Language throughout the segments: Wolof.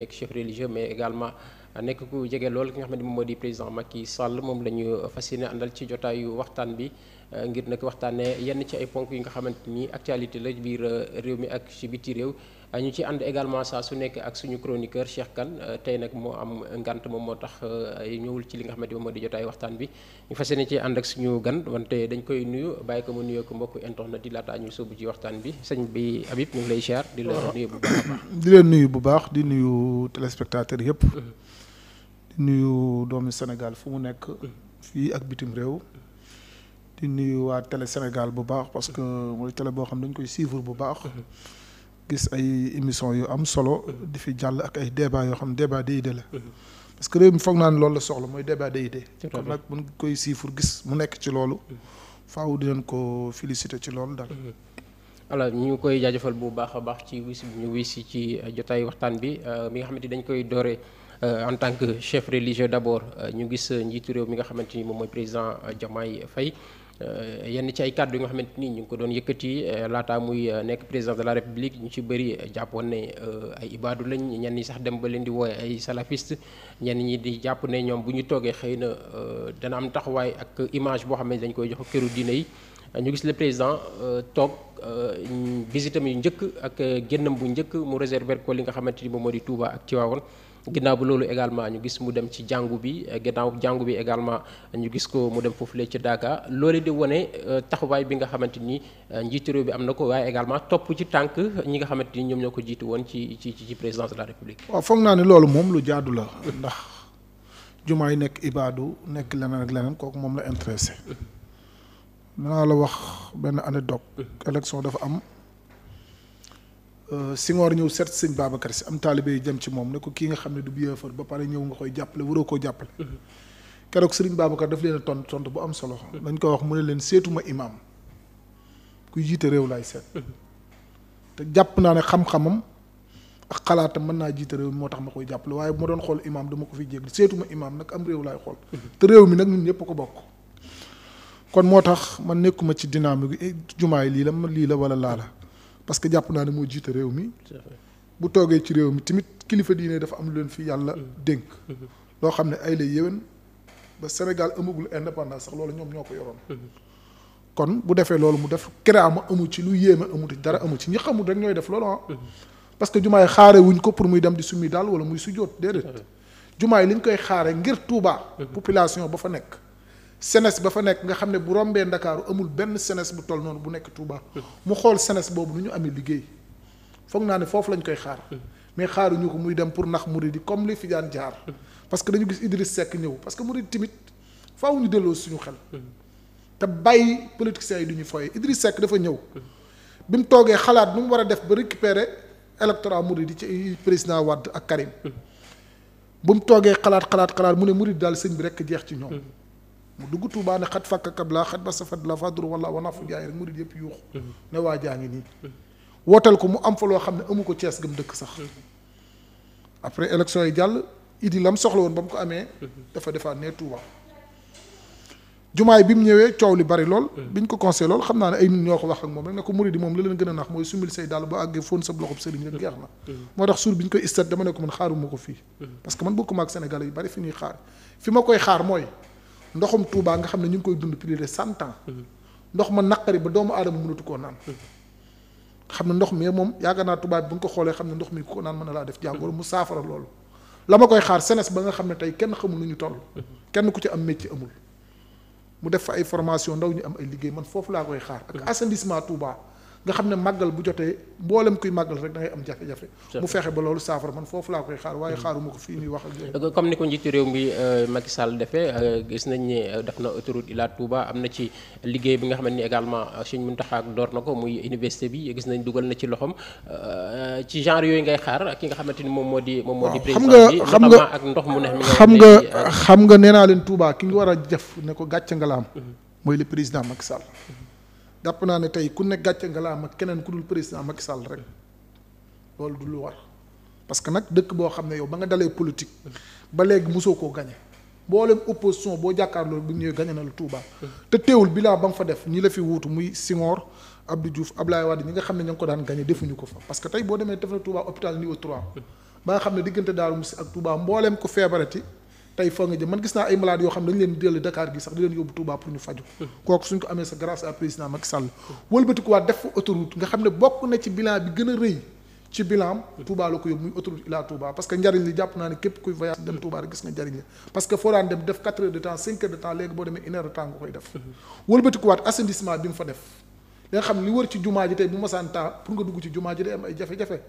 nekk chef religieux mais également nekk ku jege lool ki nga xam ne moom moo di président Macky Sall moom la ñu fas yéene àndal ci jotaayu waxtaan bi euh, ngir nag waxtaanee yenn ci ay ponk yi nga xamante ni actualité la biir euh, réew mi ak ci réew. Euh, ñu ci ànd également saa su nekk ak suñu chroniqueur Cheikh Kane tey nag moo am ngant moom moo tax ñëwul ci li nga xamante moom moo di jotaayu waxtaan bi ñu fas yéene ci ànd ak suñu gan wante dañ koy nuyu bàyyi ko mu nuyoo ko mbokk internet di laataa ñu sóobu ci waxtaan bi sañ bi Habib ñu lay ziar. di la nuyu bu baax leen nuyu bu baax di nuyu téléspectateur yëpp. Mm-hmm. nuyu doomi Sénégal fu mu nekk fii ak bitim réew di nuyu waa télé Sénégal bu baax parce que mooy télé boo xam dañ koy suivre bu baax gis ay émission yu am solo di fi jàll ak ay débat yoo xam débat day de la parce que réew mi foog naa ne loolu la soxla mooy débat day de kon nag buñ koy suivre gis mu nekk ci loolu faaw dinañ ko féliciter ci loolu daal alors ñu ngi koy jaajëfal bu baax a baax ci wis bu ñu wisi ci jotaay waxtaan bi euh, mi nga xamante dañ koy dooree Euh, en tant que chef religieux d'abord euh, ñu gis euh, njiitu réew mi nga xamante ni moom mooy président Diomaye Faye yenn ci ay kàddu yi nga xamante ni ñu ngi ko doon yëkkati laataa muy nekk président de la république ñu ci bëri jàppoon ne ay ibaadu lañ ñenn ñi sax dem ba leen di wooye ay salafiste ñenn ñi di jàpp ne ñoom bu ñu toogee xëy na dana am taxawaay ak image boo xam ne dañ koy jox këru diine yi ñu gis le président toog visitam yu njëkk ak génnam bu njëkk mu réserver ko li nga xamante ni moom moo di Touba ak Tivaouane ginnaaw bu loolu également ñu gis mu dem ci jàngu bi ginnaaw jàngu bi également ñu gis ko mu dem foofu lee ci Daaka loolu di wane euh, taxawaay bi nga xamante ni euh, njiitu réew bi am na ko waaye également topp ci tànk ñi nga xamante ni ñoom ñoo ko jiitu woon ci ci ci présidence de la république. waaw foog naa ne loolu moom lu jaadu la ndax jumaa yi nekk ibaadu nekk leneen ak leneen kooku moom la intéressé. Mm-hmm. naa la wax benn anecdote mm-hmm. élection dafa am. Euh, Senghor ñëw set sëñ Babacar si am taalibe yu jëm ci moom ne ko kii nga xam ne du biyeefar ba pare ñëw nga koy jàppale waroo koo jàppale. Mhm. keroog sëriñ Babacar daf leen a tont tont bu am solo. Mhm. dañ ko wax mu ne leen seetuma imaam kuy jiite réew laay seet. Mhm. te jàpp naa ne xam-xamam ak xalaatam mën naa jiite réew mi moo tax ma koy jàppale waaye bu ma doon xool imaam dama ko fi jéggi seetuma imaam nag am réew laay xool. te réew mi nag ñun ñëpp ko bokk. kon moo tax man nekkuma ci dynamique eh, jumaay lii la lii la wala laa la parce que jàpp naa ne moo jiite réew mi bu toogee ci réew mi tamit kilifa diine dafa am lu leen fi yàlla mm-hmm. dénk mm-hmm. loo xam ne ay lay yéwén ba Sénégal amagul indépendance sax loolu ñoom ñoo ko yoroon mm-hmm. kon bu defee loolu mu def am amu ci lu yéeme amu ci dara amu ci ñi xamul rek ñooy def loolu ah parce que jumaay xaare wuñ ko pour muy dem di summi daal wala muy sujjóot déedéet yi liñ koy xaare ngir Touba population ba fa nekk senes ba fa nekk nga xam ne bu rombee ndakaaru amul benn senes bu toll noonu bu nekk Touba mu xool senes boobu nu ñu amee liggéey foog naa ne foofu lañ koy xaar mais xaaruñu ko muy dem pour nax murid yi comme li fi daan jaar parce que dañu gis Idriss Seck ñëw parce que murid timit faaw ñu delloo suñu xel te bàyyi politiciens yi du ñu foye Idriss Seck dafa ñëw bi mu toogee xalaat nu mu war a def ba récupérer électorat murid yi ci président Wade ak Karim bu mu toogee xalaat xalaat xalaat mu ne murid daal sëñ bi rekk jeex ci ñoom mu dugg Touba ne xat fakk kabla xat ba safat la fadur wala wana fu jaay rek murid yëpp yuuxu ne waa jaa ngi nii wootal ko mu am fa loo xam ne amu ko Cees gëm dëkk sax après élection yi jàll idi lam soxla woon ba mu ko amee dafa defaat ne Touba jumaay bi mu ñëwee coow li bari lool biñ ko conseillé lool xam naa ne ay nit ñoo ko wax ak moom rek ne ko murid moom la leen gën a nax mooy sumil say daal ba àggee fóon sa loxob sëriñ moo tax ne ko man ko fii parce que man bokkuma ak Sénégalais yu fi ñuy xaar fi ma koy xaar mooy ndoxum Touba nga xam ne ñu ngi koy dund plus de cent ans mhm. ndox ma naqari ba doomu aadama mënatu koo naan mhm. xam ne ndox mi moom yaakaar naa Touba bi bu nga ko xoolee xam ne ndox mi ko naan mën na laa def jàngoro mu saafara loolu la ma koy xaar senes ba nga xam ne tey kenn xamul nu ñu toll mhm. kenn ku ci am métier amul mu def fa ay formation ndaw ñu am ay liggéey man foofu laa koy xaar ak assainissement Touba nga xam ne màggal bu jotee mboolem kuy màggal rek da am jafe-jafe mu fexe ba loolu saafara man foofu laa koy xaar waaye hmm. xaaruma ko fii ñuy wax euh, comme ni ko njiitu réew mi euh, Macky Sall defee euh, gis nañ ne def na autoroute laa Touba am na ci liggéey bi nga xamante ni également Serigne Mountakha door na ko muy université bi gis nañ dugal na ci loxom ci genre yooyu ngay xaar ki nga xamante ni moom moo di moom moo di président bi xam nga ak ndox mu neex xam nga xam nga nee naa leen Touba ki nga war a jëf ne ko gàcce nga la mhm. mooy le président Macky Sall mhm. jàpp naa ne tey ku ne gàcce nga la am keneen ku dul président Macky Sall rek loolu du lu war parce que nag dëkk boo xam ne yow ba nga dalee politique ba léegi mosoo koo gañe mboolem opposition boo jàkkaarloo bu ñëwee gañe na la Touba te teewul bilaa ba nga fa def ñi la fi wutu muy Senghor Abdou Diouf Abdoulaye Wade ñi nga xam ne ña ngi ko daan gañe defuñu ko fa parce que tey boo demee def na Touba hôpital niveau 3 ba nga xam ne diggante Daaru mus a Touba mbooleem ko feebarati tey foo nga jëm man gis naa ay malade yoo xam ne dañu leen dellu Dakar gi sax di ne bokk na ci bilan a rëy ci bilan Touba la ko parce que njariñ li jàpp naa ne képp kuy voyage dem Touba rek gis nga njariñ li parce que foo daan dem def quatre heures de temps cinq heures de temps jumaa ji tey bu masaan taa pour nga dugg ci jumaa ji day am ay jafe-jafe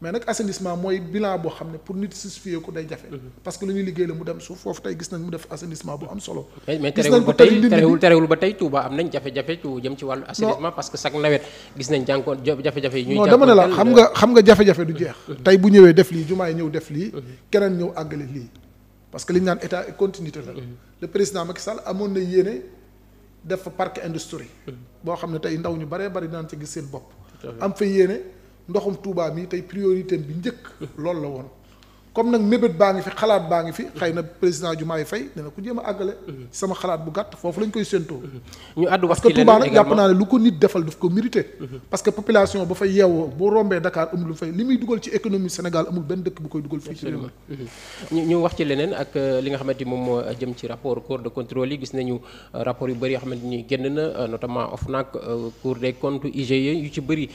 mais nag assainissement mooy bilan boo xam ne pour nit justifier ko day jafe. Mhm. parce que lu ñuy liggéey la mu dem suuf foofu tey gis nañ mu def assainissement bu am solo. mais terewul ba tey terewul terewul ba tey Touba am nañ jafe-jafe tu jëm ci nawet gis nañ jànkoon jafe-jafe yi. ñuy jànkoon dama ne la euh, xam nga jeex. Mhm. tey bu ñëwee def lii jumaay ñëw def lii. Mhm. keneen ñëw àggale lii. parce que li ñu naan état et continuité la. le président Macky Sall amoon na yéene def parc industrie. boo xam ne tey ndaw ñu baree bari daan ci gis seen bopp. am fa yéene ndoxum Touba mi tey priorité bi njëkk loolu la woon comme nag mébét baa ngi fi xalaat baa ngi fi xëy na président Diomaye Faye dana ko jéem a àggale sama xalaat bu gàtt foofu lañ koy séentoo ñu àddu wax parce que Touba nag jàpp naa ne lu ko nit defal daf ko mérité mhm. parce que population ba fa yeewoo boo rombee Dakar amul lu fay li muy dugal ci économie Sénégal amul benn dëkk bu koy dugal fii ci réew mi mhm. ñu wax ci leneen ak euh, li nga xamante ni moom moo jëm ci rapport corps de contrôle gis nañu euh, rapport yu bëri yoo xamante ni génn na euh, notamment OFNAC Cour des comptes IGE yu ci bëri